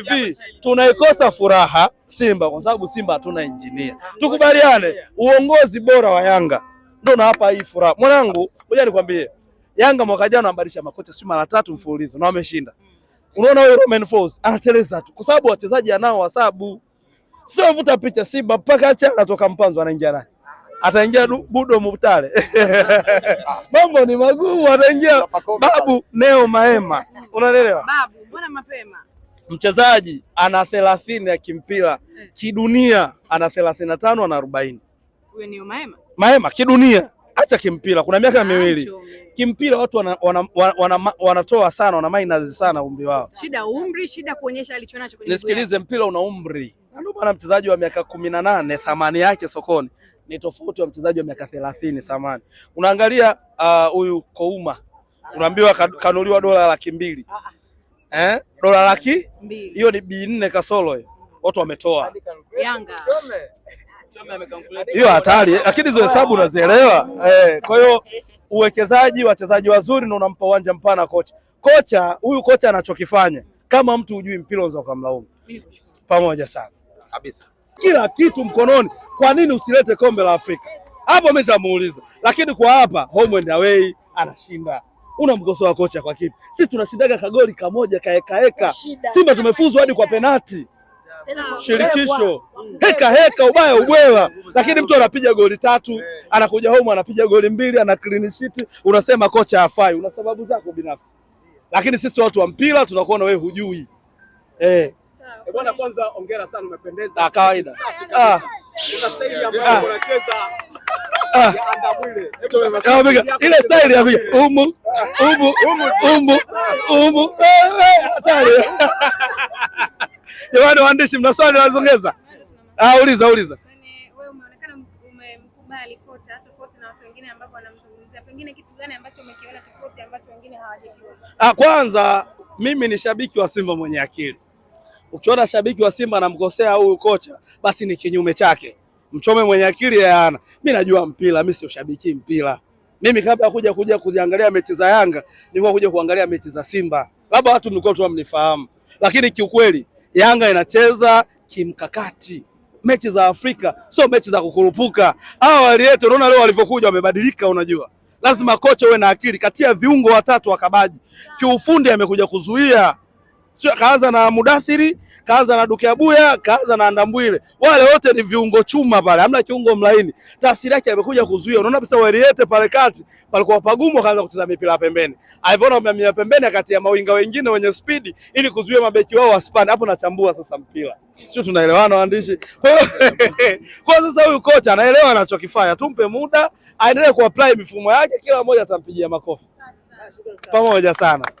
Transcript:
hivi, tunaikosa furaha Simba kwa sababu Simba hatuna injinia. Tukubaliane, uongozi bora wa Yanga ndio unawapa hii furaha. Mwanangu, ngoja nikwambie, Yanga mwaka jana wanabadilisha makocha si mara tatu mfululizo na wameshinda. Unaona huyo Roman Folz anateleza tu kwa sababu wachezaji anao wasabu. Sio vuta picha Simba mpaka acha anatoka mpanzo anaingia naye. Ataingia Budo Mutale. Mambo ni magumu, ataingia Babu Neo Maema. Unaelewa? Babu, mbona mapema? mchezaji ana thelathini ya kimpira eh. kidunia, ana thelathini na tano ana arobaini Maema. Maema kidunia, acha kimpira, kuna miaka miwili kimpira watu wanatoa wana, wana, wana, wana sana wana mainazi sana umri wao. Shida umri, shida kuonyesha alichonacho kwenye. Nisikilize, mpira una umri, na ndio maana mchezaji wa miaka kumi na nane thamani yake sokoni ni tofauti wa mchezaji wa miaka thelathini thamani. Unaangalia uh, huyu uh, Kouma unaambiwa kanuliwa dola laki mbili ah, ah eh, dola laki hiyo ni bi nne kasoro hiyo, watu wametoa hiyo hatari, lakini hizo hesabu unazielewa eh. Kwa hiyo uwekezaji, wachezaji wazuri, na unampa uwanja mpana kocha. Kocha huyu kocha anachokifanya, kama mtu hujui mpira unaweza kumlaumu pamoja sana kabisa, kila kitu mkononi. Kwa nini usilete kombe la Afrika? Hapo ameshamuuliza, lakini kwa hapa home and away anashinda unamkosoa kocha kwa kipi? Sisi tunashindaga kagoli kamoja kaekaeka. Simba tumefuzwa hadi kwa penati shirikisho heka heka, ubaya ubwela, lakini mtu anapiga goli tatu eh. anakuja home anapiga goli mbili ana clean sheet, unasema kocha hafai. Una sababu zako binafsi, lakini sisi watu wa mpira tunakuona wewe hujui eh. eh bwana, kwanza hongera sana, umependeza. Ah, kawaida. Ah ile style ya umu umu umu umu hatari. Jamani waandishi, mna swali nazongeza? Ah, uliza uliza. Ah, kwanza mimi ni shabiki wa Simba mwenye akili. Ukiona shabiki wa Simba anamkosea huyu kocha, basi ni kinyume chake mchome mwenye akili ya yana. Mimi najua mpira, mimi sio shabiki mpira. Mimi kabla ya kuja kuja kuangalia mechi za Yanga, nilikuwa kuja kuangalia mechi za Simba. Labda watu nilikuwa tu mnifahamu. Lakini kiukweli Yanga inacheza kimkakati. Mechi za Afrika sio mechi za kukurupuka. Hawa walietu unaona leo walivyokuja wamebadilika unajua. Lazima kocha uwe na akili, kati ya viungo watatu wakabaji. Kiufundi amekuja kuzuia sio, kaanza na Mudathiri, kaanza na Duke Abuya, kaanza na Ndambwile, wale wote ni viungo chuma pale, hamna kiungo mlaini. Tafsiri yake amekuja kuzuia, unaona kabisa Weriete pale kati palikuwa pagumu, akaanza kucheza mipira pembeni, alivyoona ameamia pembeni, kati ya mawinga wengine wenye spidi ili kuzuia mabeki wao wasipande. Hapo nachambua sasa mpira, sio tunaelewana waandishi? Kwa sasa huyu kocha anaelewa anachokifanya, tumpe muda aendelee kuapply mifumo yake, kila mmoja atampigia makofi pamoja sana.